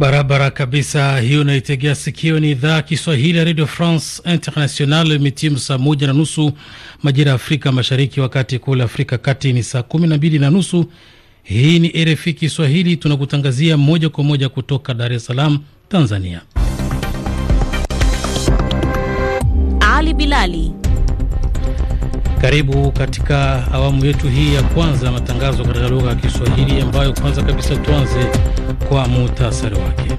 Barabara kabisa, hiyo unaitegea sikio. Ni idhaa Kiswahili ya Radio France International. Imetimu saa moja na nusu majira ya Afrika Mashariki, wakati kule Afrika Kati ni saa kumi na mbili na nusu. Hii ni RFI Kiswahili, tunakutangazia moja kwa moja kutoka Dar es Salaam, Tanzania. Ali Bilali karibu katika awamu yetu hii ya kwanza ya matangazo katika lugha ya Kiswahili, ambayo kwanza kabisa tuanze kwa muhtasari wake.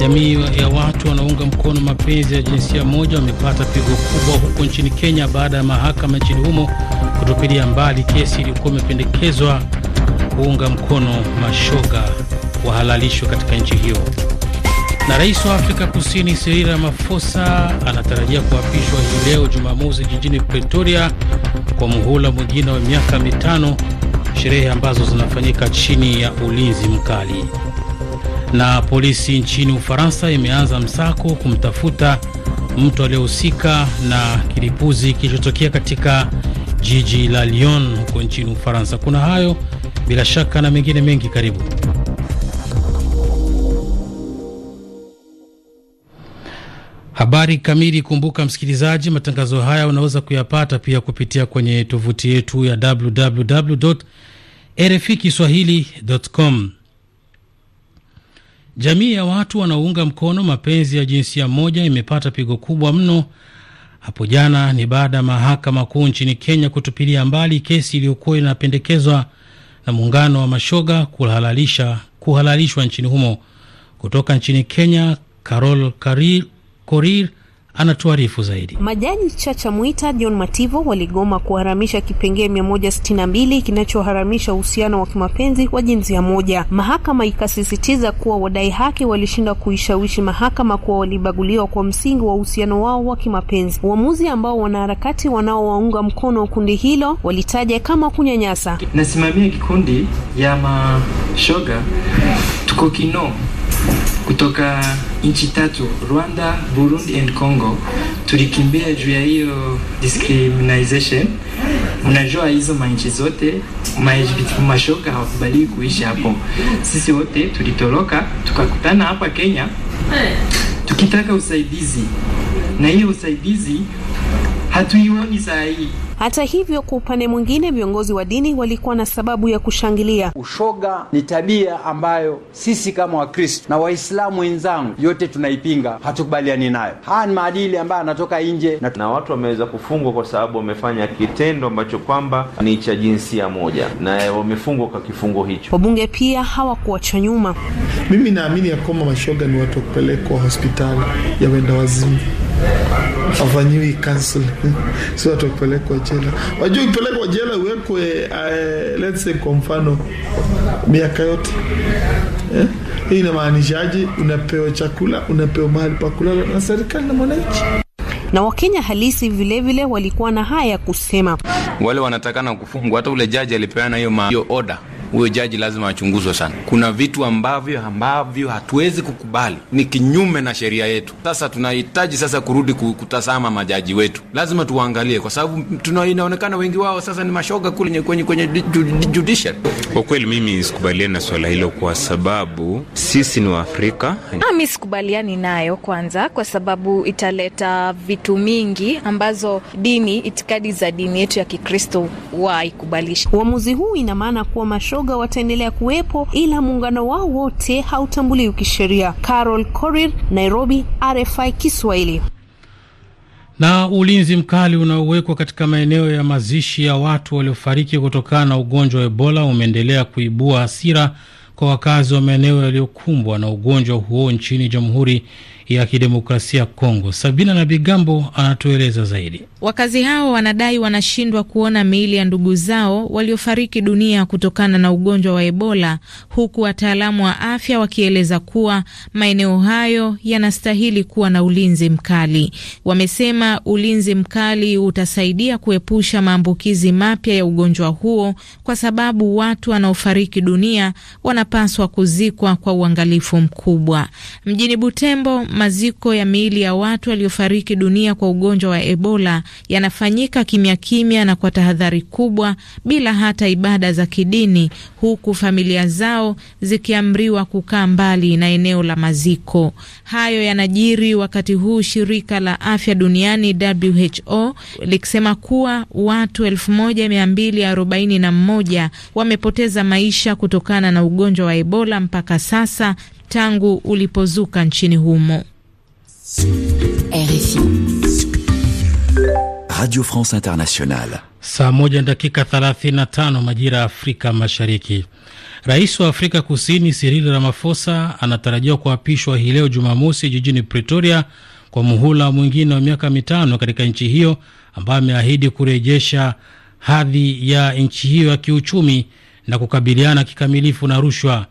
Jamii ya watu wanaunga mkono mapenzi ya jinsia moja wamepata pigo kubwa huko nchini Kenya baada ya mahakama nchini humo kutupilia mbali kesi iliyokuwa imependekezwa kuunga mkono mashoga wahalalishwe katika nchi hiyo. Na rais wa Afrika Kusini Cyril Ramaphosa anatarajia kuapishwa hii leo Jumamosi jijini Pretoria kwa muhula mwingine wa miaka mitano, sherehe ambazo zinafanyika chini ya ulinzi mkali. Na polisi nchini Ufaransa imeanza msako kumtafuta mtu aliyehusika na kilipuzi kilichotokea katika jiji la Lyon huko nchini Ufaransa. Kuna hayo bila shaka na mengine mengi, karibu Habari kamili. Kumbuka msikilizaji, matangazo haya unaweza kuyapata pia kupitia kwenye tovuti yetu ya www RFI kiswahili.com. Jamii ya watu wanaounga mkono mapenzi ya jinsia moja imepata pigo kubwa mno hapo jana. Ni baada ya mahakama kuu nchini Kenya kutupilia mbali kesi iliyokuwa inapendekezwa na muungano wa mashoga kuhalalisha kuhalalishwa nchini humo. Kutoka nchini Kenya, Carol Karil Korir anatuarifu zaidi. Majaji Chacha Mwita, John Mativo waligoma kuharamisha kipengee mia moja na mbili kinachoharamisha uhusiano wa kimapenzi wa jinsia moja. Mahakama ikasisitiza kuwa wadai haki walishinda kuishawishi mahakama kuwa walibaguliwa kwa msingi wa uhusiano wao wa kimapenzi, uamuzi ambao wanaharakati wanaowaunga mkono kundi hilo walitaja kama kunyanyasa. Nasimamia kikundi ya mashoga tuko kino kutoka nchi tatu Rwanda, Burundi and Congo. Tulikimbia juu ya hiyo discrimination. Mnajua hizo manchi zote mashoga hawakubali kuishi hapo. Sisi wote tulitoroka tukakutana hapa Kenya eh. tukitaka usaidizi, na hiyo usaidizi hatuioni saa hii. Hata hivyo, kwa upande mwingine, viongozi wa dini walikuwa na sababu ya kushangilia. Ushoga ni tabia ambayo sisi kama Wakristo na Waislamu wenzangu yote tunaipinga, hatukubaliani nayo. Haya ni maadili ambayo anatoka nje na, na watu wameweza kufungwa kwa sababu wamefanya kitendo ambacho kwamba ni cha jinsia moja, na wamefungwa kwa kifungo hicho. Wabunge pia hawakuachwa nyuma. Mimi naamini ya kwamba mashoga ni watu wa kupelekwa hospitali ya wenda wazimu afanyiwi counseling si watu wakipelekwa jela. Wajua ukipelekwa jela uwekwe uh, let's say kwa mfano miaka yote eh? Hii inamaanishaje? Unapewa chakula, unapewa mahali pa kulala na serikali na mwananchi na Wakenya halisi vilevile vile walikuwa na haya ya kusema, wale wanatakana kufungwa. Hata ule jaji alipeana hiyo order huyo jaji lazima achunguzwe sana. Kuna vitu ambavyo ambavyo hatuwezi kukubali, ni kinyume na sheria yetu. Sasa tunahitaji sasa kurudi kutazama majaji wetu, lazima tuwaangalie, kwa sababu inaonekana wengi wao sasa ni mashoga kule kwenye, kwenye judiciary. Kwa kweli mimi sikubaliani na swala hilo kwa sababu sisi ni Waafrika. Ah, Mi sikubaliani nayo kwanza, kwa sababu italeta vitu mingi ambazo dini, itikadi za dini yetu ya Kikristo waikubalishi. Uamuzi huu ina maana kuwa mashoga Loga wataendelea kuwepo, ila muungano wao wote hautambuliwi kisheria. Carol Korir, Nairobi, RFI Kiswahili. Na ulinzi mkali unaowekwa katika maeneo ya mazishi ya watu waliofariki kutokana na ugonjwa wa Ebola umeendelea kuibua hasira kwa wakazi wa maeneo yaliyokumbwa na ugonjwa huo nchini Jamhuri ya kidemokrasia Kongo. Sabina na Bigambo anatueleza zaidi. Wakazi hao wanadai wanashindwa kuona miili ya ndugu zao waliofariki dunia kutokana na ugonjwa wa Ebola, huku wataalamu wa afya wakieleza kuwa maeneo hayo yanastahili kuwa na ulinzi mkali. Wamesema ulinzi mkali utasaidia kuepusha maambukizi mapya ya ugonjwa huo, kwa sababu watu wanaofariki dunia wanapaswa kuzikwa kwa uangalifu mkubwa. Mjini Butembo maziko ya miili ya watu waliofariki dunia kwa ugonjwa wa Ebola yanafanyika kimya kimya na kwa tahadhari kubwa bila hata ibada za kidini, huku familia zao zikiamriwa kukaa mbali na eneo la maziko. Hayo yanajiri wakati huu shirika la afya duniani WHO likisema kuwa watu 1241 wamepoteza maisha kutokana na ugonjwa wa Ebola mpaka sasa tangu ulipozuka nchini humo. RFI. Radio France Internationale. Saa moja dakika 35 majira ya Afrika Mashariki. Rais wa Afrika Kusini Cyril Ramaphosa anatarajiwa kuapishwa hii leo Jumamosi jijini Pretoria kwa muhula mwingine wa miaka mitano katika nchi hiyo ambayo ameahidi kurejesha hadhi ya nchi hiyo ya kiuchumi na kukabiliana kikamilifu na rushwa.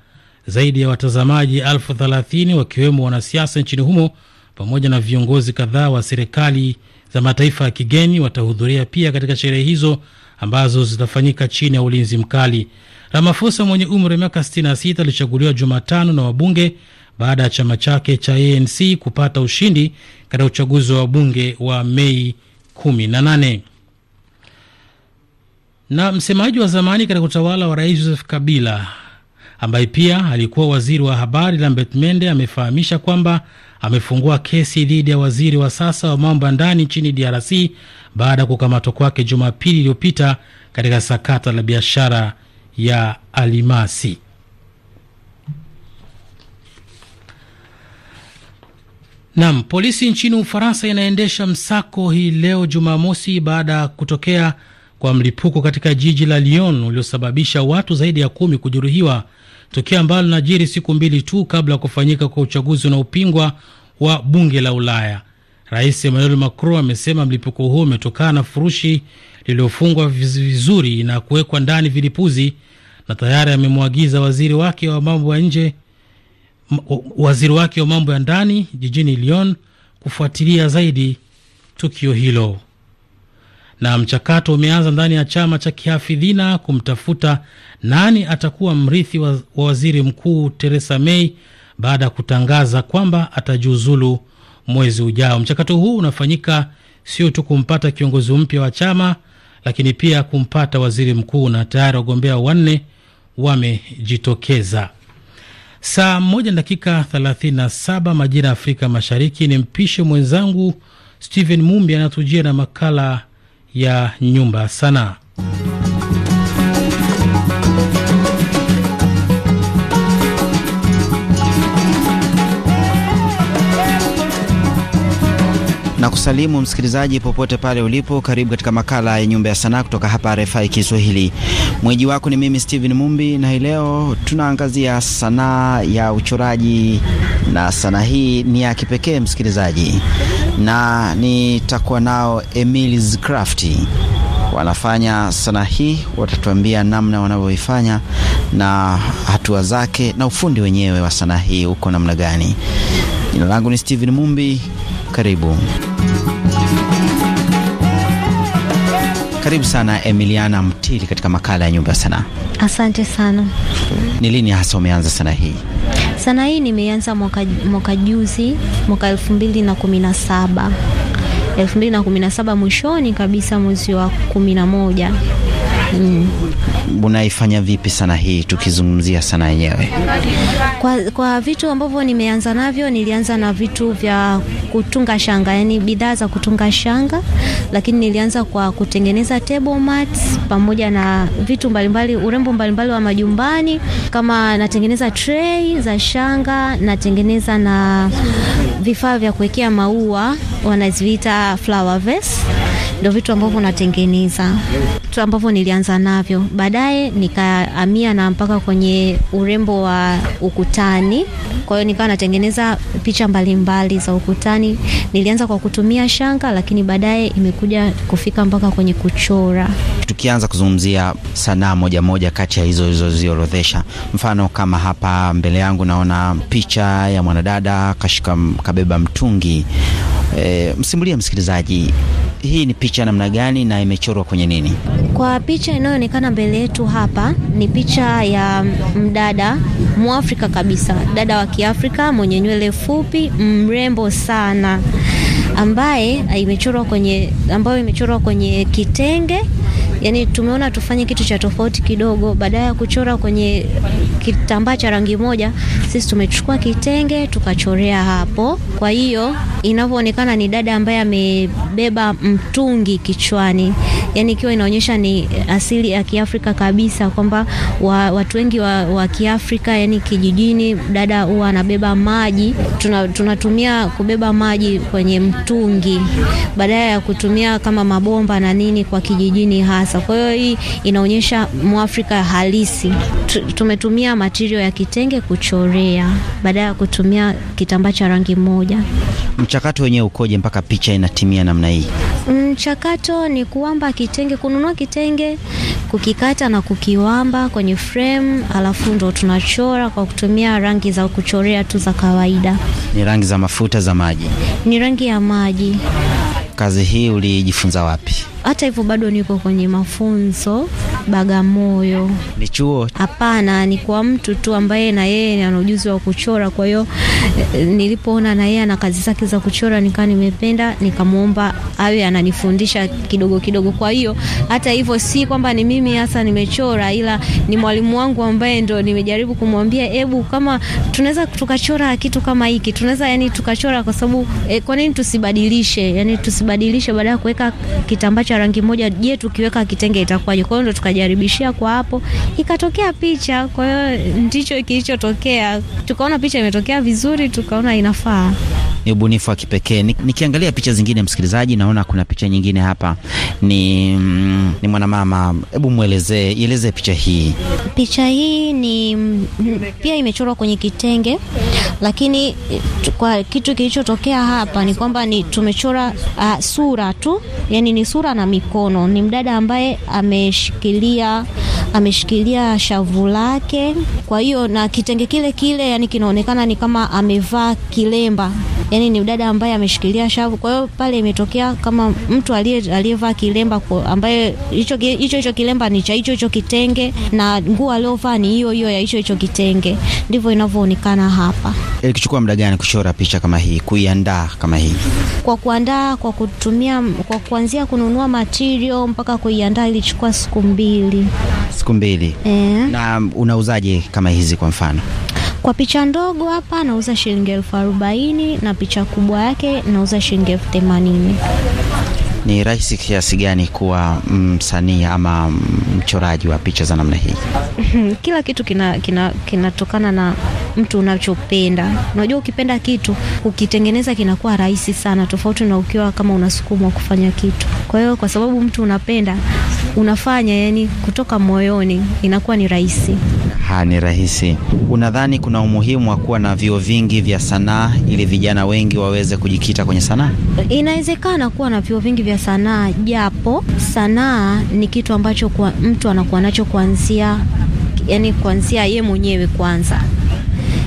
Zaidi ya watazamaji elfu thelathini wakiwemo wanasiasa nchini humo pamoja na viongozi kadhaa wa serikali za mataifa ya kigeni watahudhuria pia katika sherehe hizo ambazo zitafanyika chini ya ulinzi mkali. ramafosa mwenye umri wa miaka 66 alichaguliwa Jumatano na wabunge baada ya chama chake cha ANC kupata ushindi katika uchaguzi wa wabunge wa Mei 18. Na msemaji wa zamani katika utawala wa Rais Joseph Kabila ambaye pia alikuwa waziri wa habari Lambert Mende amefahamisha kwamba amefungua kesi dhidi ya waziri wa sasa wa mambo ya ndani nchini DRC baada ya kukamatwa kwake Jumapili iliyopita katika sakata la biashara ya alimasi. Nam, polisi nchini Ufaransa inaendesha msako hii leo Jumamosi baada ya kutokea kwa mlipuko katika jiji la Lyon uliosababisha watu zaidi ya kumi kujeruhiwa tukio ambalo linajiri siku mbili tu kabla ya kufanyika kwa uchaguzi unaopingwa wa bunge la Ulaya. Rais Emmanuel Macron amesema mlipuko huo umetokana na furushi lililofungwa vizuri na kuwekwa ndani vilipuzi, na tayari amemwagiza waziri wake wa mambo ya nje, waziri wake wa mambo ya ndani jijini Lyon kufuatilia zaidi tukio hilo. Na mchakato umeanza ndani ya chama cha kihafidhina kumtafuta nani atakuwa mrithi wa waziri mkuu Theresa May baada ya kutangaza kwamba atajiuzulu mwezi ujao. Mchakato huu unafanyika sio tu kumpata kiongozi mpya wa chama, lakini pia kumpata waziri mkuu, na tayari wagombea wanne wamejitokeza. Saa moja na dakika 37 majira ya Afrika Mashariki. Ni mpishe mwenzangu Stephen Mumbi anatujia na makala ya nyumba sanaa. kusalimu msikilizaji popote pale ulipo, karibu katika makala ya Nyumba ya Sanaa kutoka hapa RFI Kiswahili. Mwenyeji wako ni mimi Steven Mumbi, na hii leo tunaangazia sanaa ya uchoraji, na sanaa hii ni ya kipekee msikilizaji, na nitakuwa nao Emily's Craft wanafanya sanaa hii, watatuambia namna wanavyoifanya na hatua zake na ufundi wenyewe wa sanaa hii uko namna gani. Jina langu ni Steven Mumbi, karibu. Karibu sana Emiliana Mtili katika makala ya nyumba ya sanaa. Asante sana. Ni lini hasa umeanza sanaa hii? Sanaa hii nimeanza mwaka, mwaka juzi mwaka elfu mbili na kumi na saba elfu mbili na kumi na saba mwishoni kabisa mwezi wa kumi na moja mm. Unaifanya vipi sana hii, tukizungumzia sana yenyewe? Kwa, kwa vitu ambavyo nimeanza navyo, nilianza na vitu vya kutunga shanga, yani bidhaa za kutunga shanga, lakini nilianza kwa kutengeneza table mats pamoja na vitu mbalimbali, urembo mbalimbali wa majumbani, kama natengeneza tray za shanga, natengeneza na vifaa vya kuwekea maua wanaziita flower vase ndio vitu ambavyo natengeneza, vitu ambavyo nilianza navyo, baadaye nikahamia na mpaka kwenye urembo wa ukutani. Kwa hiyo nikawa natengeneza picha mbalimbali za ukutani. Nilianza kwa kutumia shanga, lakini baadaye imekuja kufika mpaka kwenye kuchora. Tukianza kuzungumzia sanaa moja moja kati ya hizo ilizoziorodhesha, mfano kama hapa mbele yangu naona picha ya mwanadada kashika kabeba mtungi E, eh, msimulia msikilizaji, hii ni picha namna gani na imechorwa kwenye nini? Kwa picha inayoonekana mbele yetu hapa ni picha ya mdada Mwafrika kabisa, dada wa Kiafrika mwenye nywele fupi, mrembo sana ambaye imechorwa kwenye ambayo imechorwa kwenye kitenge. Yani tumeona tufanye kitu cha tofauti kidogo, badala ya kuchora kwenye kitambaa cha rangi moja, sisi tumechukua kitenge tukachorea hapo. Kwa hiyo inavyoonekana ni dada ambaye amebeba mtungi kichwani yani ikiwa inaonyesha ni eh, asili ya Kiafrika kabisa, kwamba wa, watu wengi wa, wa Kiafrika yani kijijini, dada huwa anabeba maji, tunatumia tuna kubeba maji kwenye mtungi badala ya kutumia kama mabomba na nini kwa kijijini hasa. Kwa hiyo hii inaonyesha Mwafrika halisi. T tumetumia material ya kitenge kuchorea badala ya kutumia kitambaa cha rangi moja. Mchakato wenyewe ukoje mpaka picha inatimia namna hii? Mchakato ni kuwamba kitenge, kununua kitenge, kukikata na kukiwamba kwenye frame, alafu ndo tunachora kwa kutumia rangi za kuchorea tu za kawaida. Ni rangi za mafuta za maji? Ni rangi ya maji. Kazi hii ulijifunza wapi? Hata hivyo bado niko kwenye mafunzo Bagamoyo. Ni chuo? Hapana, ni kwa mtu tu ambaye na yeye ana ujuzi wa kuchora. Kwa hiyo eh, nilipoona na yeye ana kazi zake za kuchora, nikaa nimependa, nikamwomba awe ananifundisha kidogo kidogo. Kwa hiyo hata hivyo si kwamba ni mimi hasa nimechora, ila ni mwalimu wangu ambaye ndo nimejaribu kumwambia, hebu kama tunaweza tukachora kitu kama hiki, tunaweza yani tukachora, kwa sababu e, kwa nini tusibadilishe, yani tusibadilishe baada ya kuweka kitambaa cha rangi moja, je, tukiweka kitenge itakuwaje? Kwa hiyo ndo tukajaribishia kwa hapo, ikatokea picha. Kwa hiyo ndicho kilichotokea, tukaona picha imetokea vizuri, tukaona inafaa ni ubunifu wa kipekee. Nikiangalia picha zingine, msikilizaji, naona kuna picha nyingine hapa ni, mm, ni mwanamama. Hebu mwelezee, ieleze picha hii. Picha hii ni m, mm, pia imechorwa kwenye kitenge, lakini kwa kitu kilichotokea hapa ni kwamba ni tumechora uh, sura tu, yani ni sura na mikono. Ni mdada ambaye ameshikilia ameshikilia shavu lake, kwa hiyo na kitenge kile kile, yani kinaonekana ni kama amevaa kilemba yani ni dada ambaye ameshikilia shavu. Kwa hiyo pale imetokea kama mtu aliyevaa kilemba ambaye hicho hicho kilemba ni cha hicho hicho kitenge na nguo aliyovaa ni hiyo hiyo ya hicho hicho kitenge, ndivyo inavyoonekana hapa. Ilichukua eh, muda gani kuchora picha kama hii, kuiandaa kama hii? Kwa kuandaa kwa kutumia kwa kuanzia kununua material mpaka kuiandaa ilichukua siku mbili. Siku mbili. E. Na unauzaje kama hizi kwa mfano? Kwa picha ndogo hapa nauza shilingi elfu arobaini na picha kubwa yake nauza shilingi elfu themanini. Ni rahisi kiasi gani kuwa msanii ama mchoraji wa picha za namna hii? Kila kitu kinatokana kina, kina na mtu unachopenda. Unajua, ukipenda kitu ukitengeneza kinakuwa rahisi sana, tofauti na ukiwa kama unasukumwa kufanya kitu. Kwa hiyo kwa sababu mtu unapenda unafanya, yani kutoka moyoni, inakuwa ni rahisi. Ha, ni rahisi. Unadhani kuna umuhimu wa kuwa na vyuo vingi vya sanaa ili vijana wengi waweze kujikita kwenye sanaa? Inawezekana kuwa na vyuo vingi vya sanaa, japo sanaa ni kitu ambacho kwa mtu anakuwa nacho kuanzia, yani kuanzia ye mwenyewe kwanza.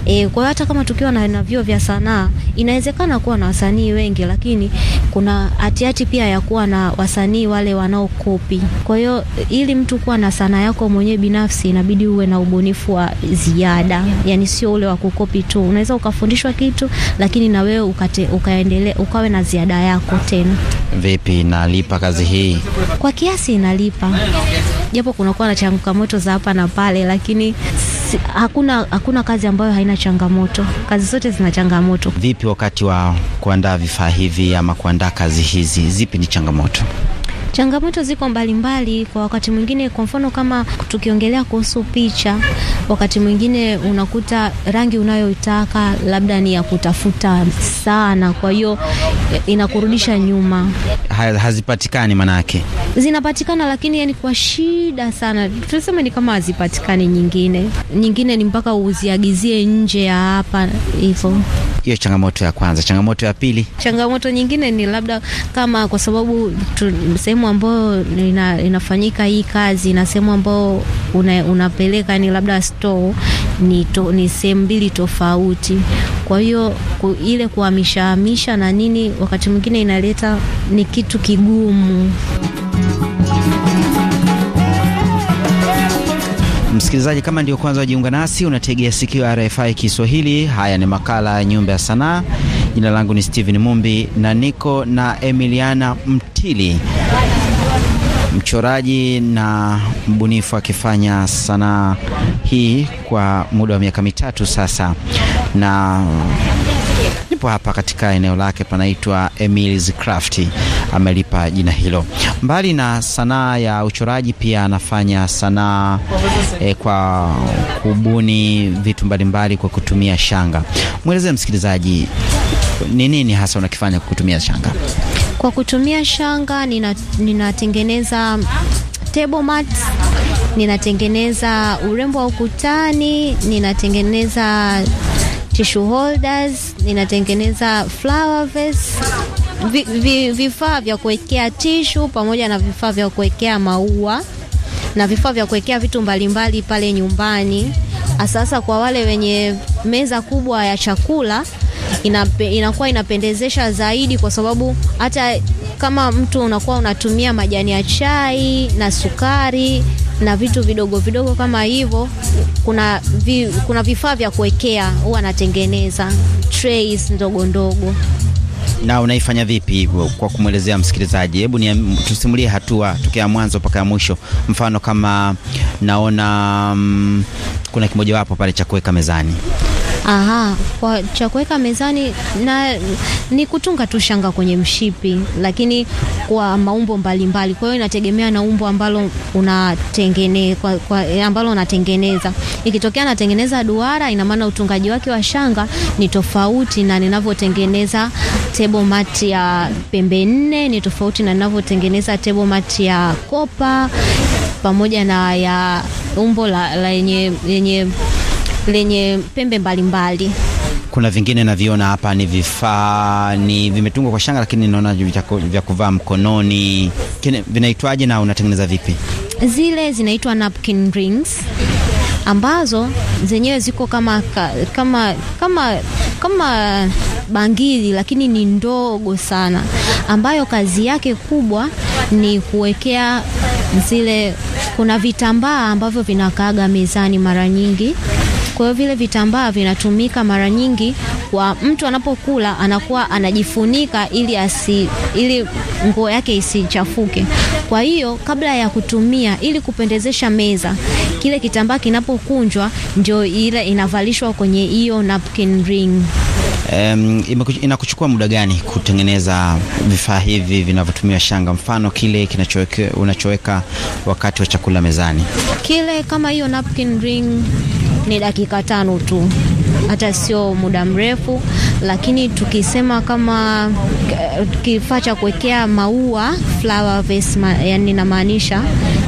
E, kwa hata kama tukiwa na, na vyuo vya sanaa inawezekana kuwa na wasanii wengi, lakini kuna hatihati pia ya kuwa na wasanii wale wanaokopi. Kwa hiyo ili mtu kuwa na sanaa yako mwenyewe binafsi inabidi uwe na ubunifu wa ziada, yani sio ule wa kukopi tu. Unaweza ukafundishwa kitu lakini na wewe ukate, ukaendelea ukawe na ziada yako tena. Vipi, nalipa kazi hii? Kwa kiasi inalipa, japo kunakuwa na changamoto za hapa na pale, lakini si, hakuna, hakuna kazi ambayo haina changamoto. Kazi zote zina changamoto. Vipi wakati wa kuandaa vifaa hivi ama kuandaa kazi hizi, zipi ni changamoto? Changamoto ziko mbalimbali mbali, kwa wakati mwingine, kwa mfano kama tukiongelea kuhusu picha, wakati mwingine unakuta rangi unayoitaka labda ni ya kutafuta sana, kwa hiyo inakurudisha nyuma. Ha, hazipatikani manake zinapatikana, lakini yani kwa shida sana, tuseme ni kama hazipatikani. Nyingine nyingine ni mpaka uziagizie nje ya hapa hivyo. Hiyo changamoto ya kwanza. Changamoto ya pili, changamoto nyingine ni labda kama kwa sababu sehemu sehemu ambayo ina, inafanyika hii kazi na sehemu ambayo una, unapeleka ni labda store ni, to, ni sehemu mbili tofauti. Kwa hiyo ku, ile kuhamishahamisha na nini wakati mwingine inaleta ni kitu kigumu. Msikilizaji, kama ndio kwanza wajiunga nasi, unategea sikio RFI Kiswahili. Haya ni makala ya Nyumba ya Sanaa. Jina langu ni Steven Mumbi na niko na Emiliana Mtili mchoraji na mbunifu akifanya sanaa hii kwa muda wa miaka mitatu sasa, na nipo hapa katika eneo lake panaitwa Emily's Craft, amelipa jina hilo. Mbali na sanaa ya uchoraji, pia anafanya sanaa e, kwa kubuni vitu mbalimbali kwa kutumia shanga. Mwelezee msikilizaji ni nini hasa unakifanya kwa kutumia shanga? Kwa kutumia shanga ninatengeneza nina table mat, ninatengeneza urembo wa ukutani, ninatengeneza tissue holders, ninatengeneza flower vase, vifaa vya kuwekea tishu pamoja na vifaa vya kuwekea maua na vifaa vya kuwekea vitu mbalimbali pale nyumbani. Sasa kwa wale wenye meza kubwa ya chakula inape, inakuwa inapendezesha zaidi, kwa sababu hata kama mtu unakuwa unatumia majani ya chai na sukari na vitu vidogo vidogo kama hivyo. Kuna, vi, kuna vifaa vya kuwekea huwa anatengeneza trays ndogo ndogo. Na unaifanya vipi hivyo kwa kumwelezea msikilizaji? Hebu tusimulie hatua tokea mwanzo mpaka ya mwisho. Mfano kama naona mm, kuna kimojawapo pale cha kuweka mezani Aha, kwa cha kuweka mezani na ni kutunga tu shanga kwenye mshipi, lakini kwa maumbo mbalimbali. Kwa hiyo inategemea na umbo ambalo unatengeneza kwa, kwa, ambalo unatengeneza. Ikitokea natengeneza duara, ina maana utungaji wake wa shanga ni tofauti na ninavyotengeneza table mat ya pembe nne, ni tofauti na ninavyotengeneza table mat ya kopa pamoja na ya umbo la, la yenye lenye pembe mbalimbali mbali. Kuna vingine naviona hapa ni vifaa ni vimetungwa kwa shanga, lakini naona vya kuvaa mkononi. Vinaitwaje na unatengeneza vipi? Zile zinaitwa napkin rings ambazo zenyewe ziko kama kama kama kama bangili lakini ni ndogo sana, ambayo kazi yake kubwa ni kuwekea zile. Kuna vitambaa ambavyo vinakaaga mezani mara nyingi kwa hiyo vile vitambaa vinatumika mara nyingi kwa mtu anapokula, anakuwa anajifunika ili asi, ili nguo yake isichafuke. Kwa hiyo kabla ya kutumia, ili kupendezesha meza, kile kitambaa kinapokunjwa ndio ile inavalishwa kwenye hiyo napkin ring. Um, inakuchukua muda gani kutengeneza vifaa hivi vinavyotumia shanga, mfano kile kinachoweka unachoweka wakati wa chakula mezani, kile kama hiyo napkin ring ni dakika tano tu, hata sio muda mrefu. Lakini tukisema kama eh, kifaa cha kuwekea maua flower vase, yani inamaanisha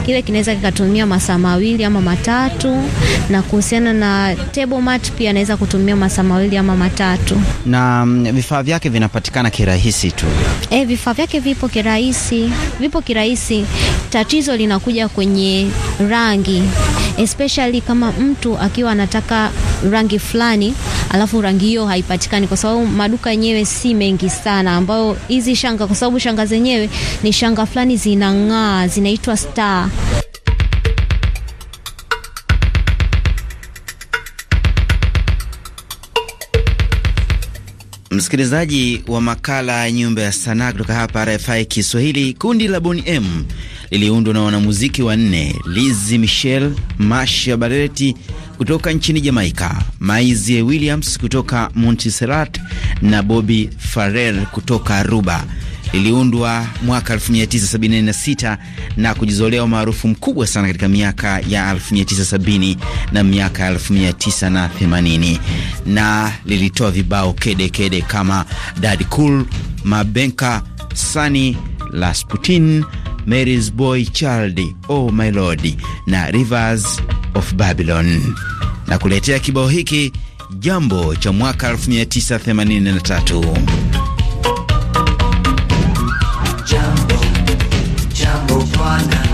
kile kinaweza kikatumia masaa mawili ama matatu, na kuhusiana na table mat pia anaweza kutumia masaa mawili ama matatu. Na mm, vifaa vyake vinapatikana kirahisi tu. E, vifaa vyake vipo kirahisi, vipo kirahisi. Tatizo linakuja kwenye rangi, especially kama mtu akiwa anataka rangi fulani alafu rangi hiyo haipatikani kwa sababu maduka yenyewe si mengi sana, ambayo hizi shanga, kwa sababu shanga zenyewe ni shanga fulani zinang'aa, zinaitwa star. Msikilizaji wa makala ya Nyumba ya Sanaa kutoka hapa RFI Kiswahili, kundi la Boni M liliundwa na wanamuziki wanne: Lizzy Michelle, Marsha Barretti kutoka nchini Jamaica, Maisie Williams kutoka Montserrat na Bobby Farrell kutoka Aruba. Liliundwa mwaka 1976 na kujizolea umaarufu mkubwa sana katika miaka ya 1970 na miaka 1980, na lilitoa vibao kedekede kede kama Daddy Cool, Mabenka, Sunny, Rasputin Mary's Boy Child, Oh My Lord na Rivers of Babylon. Na kuletea kibao hiki jambo cha mwaka 1983. Jambo, jambo Bwana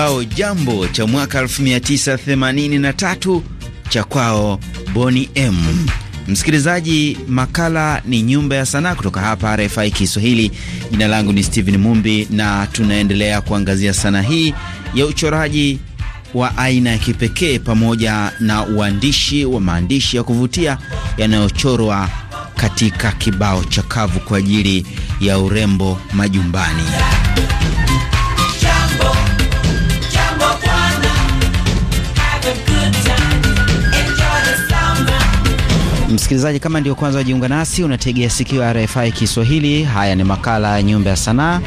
kibao jambo cha mwaka 1983 cha kwao Boni M. Msikilizaji, makala ni nyumba ya sanaa kutoka hapa RFI Kiswahili. Jina langu ni Steven Mumbi na tunaendelea kuangazia sanaa hii ya uchoraji wa aina ya kipekee pamoja na uandishi wa maandishi ya kuvutia yanayochorwa katika kibao cha kavu kwa ajili ya urembo majumbani. Msikilizaji, kama ndio kwanza wajiunga nasi, unategea sikio RFI Kiswahili. Haya ni makala ya Nyumba ya Sanaa.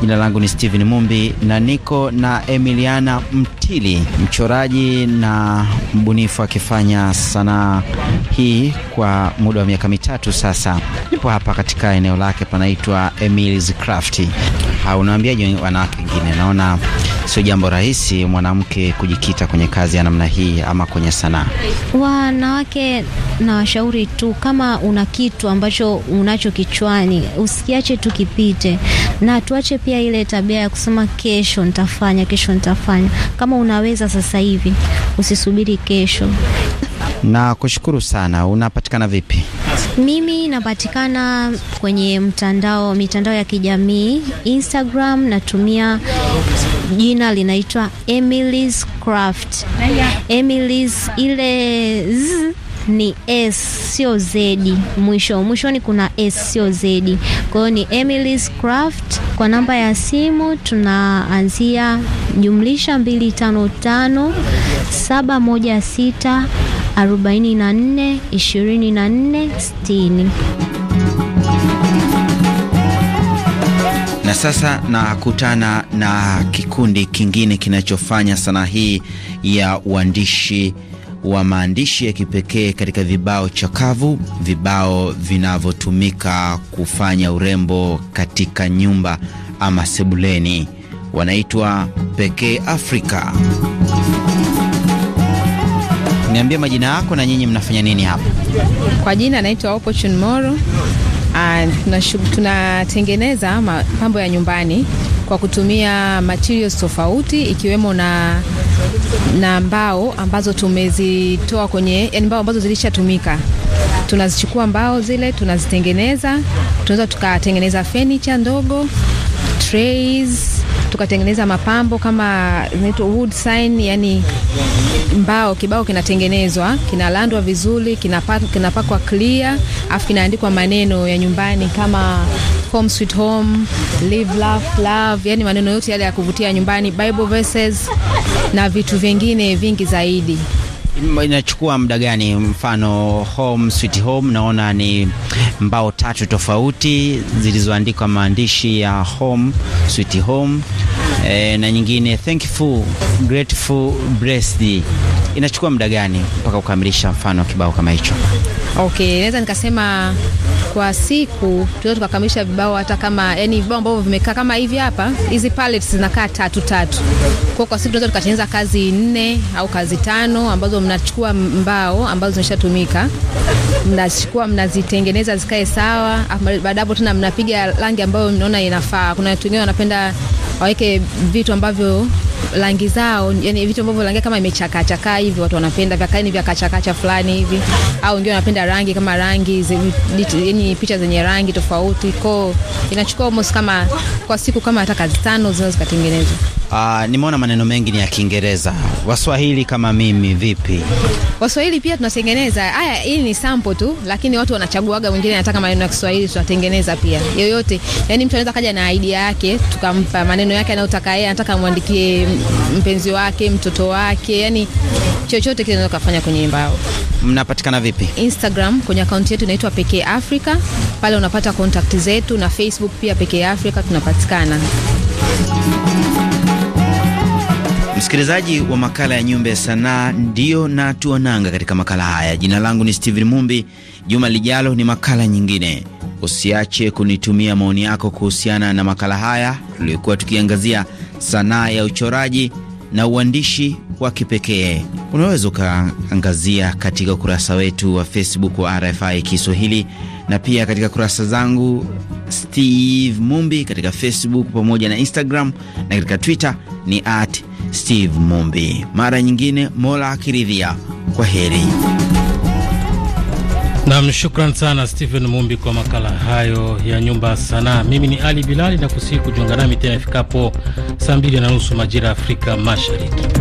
Jina langu ni Steven Mumbi na niko na Emiliana Mtili, mchoraji na mbunifu, akifanya sanaa hii kwa muda wa miaka mitatu sasa. yupo hapa katika eneo lake panaitwa Emily's Craft unawaambiaje wanawake wengine? Naona sio jambo rahisi mwanamke kujikita kwenye kazi ya namna hii ama kwenye sanaa. Wanawake na washauri tu, kama una kitu ambacho unacho kichwani, usikiache tu kipite na tuache pia ile tabia ya kusema kesho nitafanya, kesho nitafanya. Kama unaweza sasa hivi, usisubiri kesho na kushukuru sana. Unapatikana vipi? Mimi napatikana kwenye mtandao mitandao ya kijamii Instagram, natumia jina linaitwa Emily's Craft. Emily's ile z ni s sio z, mwisho mwishoni kuna s sio z. Kwa hiyo ni Emily's Craft. Kwa namba ya simu tunaanzia jumlisha 255 716 na sasa nakutana na kikundi kingine kinachofanya sanaa hii ya uandishi wa maandishi ya kipekee katika vibao chakavu, vibao vinavyotumika kufanya urembo katika nyumba ama sebuleni. Wanaitwa Pekee Afrika. Niambie majina yako na nyinyi mnafanya nini hapa? Kwa jina naitwa Opochun Moro. Ah, tunatengeneza mapambo ya nyumbani kwa kutumia materials tofauti ikiwemo na, na mbao ambazo tumezitoa kwenye, yani mbao ambazo zilishatumika tunazichukua mbao zile tunazitengeneza, tunaweza tukatengeneza furniture ndogo, trays tukatengeneza mapambo kama zinaitwa wood sign, yani mbao kibao kinatengenezwa, kinalandwa vizuri, kinapakwa kinapakwa clear, afu kinaandikwa maneno ya nyumbani kama home sweet home, live love love, yani maneno yote yale ya kuvutia nyumbani, bible verses na vitu vingine vingi zaidi. Inachukua muda gani? Mfano home sweet home, naona ni mbao tatu tofauti zilizoandikwa maandishi ya home sweet home e, na nyingine thankful grateful blessed. Inachukua muda gani mpaka kukamilisha mfano wa kibao kama hicho? Okay, naweza nikasema kwa siku tunaweza tukakamilisha vibao hata kama yani vibao ambavyo vimekaa kama hivi hapa, hizi pallets zinakaa tatu tatu. Kwa kwa siku tunaweza tukatengeneza kazi nne au kazi tano ambazo mnachukua mbao ambazo zimeshatumika. Mnachukua mnazitengeneza zikae sawa, baada hapo tena mnapiga rangi ambayo mnaona inafaa. Kuna watu wengine wanapenda waweke vitu ambavyo rangi zao, yani vitu ambavyo rangi kama imechakachakaa hivi, watu wanapenda vya kaini vya kachakacha fulani hivi, au wengine wanapenda rangi kama rangi yani picha zenye rangi tofauti. Kwa inachukua almost kama kwa siku kama hata kazi tano zinaweza zikatengenezwa. Uh, nimeona maneno mengi ni ya Kiingereza. Waswahili kama mimi vipi? Waswahili pia tunatengeneza. Haya, hii ni sample tu, lakini watu wanachaguaga, wengine anataka maneno ya Kiswahili tunatengeneza pia. Yoyote. Yaani mtu anaweza kaja na idea yake, tukampa maneno yake anayotaka yeye, anataka amwandikie mpenzi wake, mtoto wake, yani chochote kile unaweza kufanya kwenye nyumba Mnapatikana vipi? Instagram kwenye akaunti yetu inaitwa Pekee Africa, pale unapata contact zetu, na Facebook pia Pekee Africa tunapatikana. Msikilizaji wa makala ya Nyumba ya Sanaa, ndio na tuananga katika makala haya. Jina langu ni Steven Mumbi. Juma lijalo ni makala nyingine. Usiache kunitumia maoni yako kuhusiana na makala haya tuliyokuwa tukiangazia sanaa ya uchoraji na uandishi wa kipekee. Unaweza ukaangazia katika ukurasa wetu wa Facebook wa RFI Kiswahili na pia katika kurasa zangu Steve Mumbi katika Facebook pamoja na Instagram na katika Twitter ni at Steve Mumbi. Mara nyingine, Mola akiridhia, kwa heri. Nam, shukran sana Stephen Mumbi kwa makala hayo ya nyumba sanaa. Mimi ni Ali Bilali na kusihi kujiunga nami tena ifikapo saa mbili na nusu majira ya Afrika Mashariki.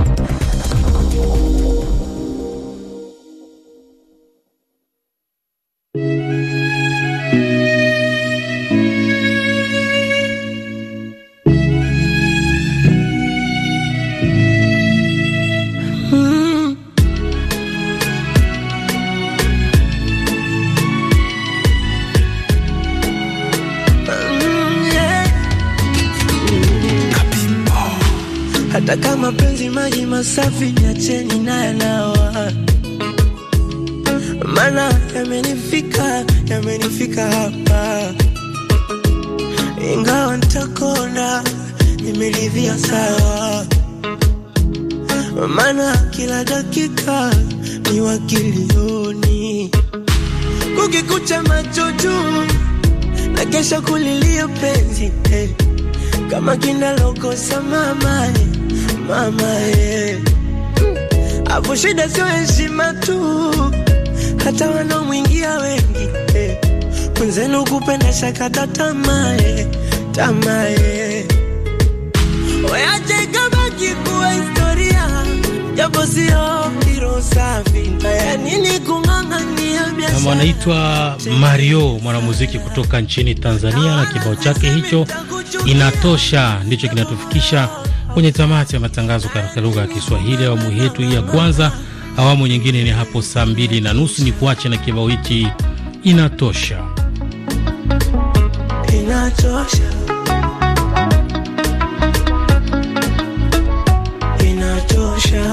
kesho kulilia penzi eh, kama kinalokosa mama e, mama eh. Hapo shida sio heshima tu, hata wanaomwingia wengi eh, mwenzenu kupenda shakata tamae tamae Anaitwa Mario, mwanamuziki kutoka nchini Tanzania, na kibao chake hicho inatosha ndicho kinatufikisha kwenye tamati ya matangazo katika lugha ya Kiswahili awamu yetu hii ya kwanza. Awamu nyingine ni hapo saa mbili na nusu. Ni kuache na kibao hichi inatosha, inatosha, inatosha.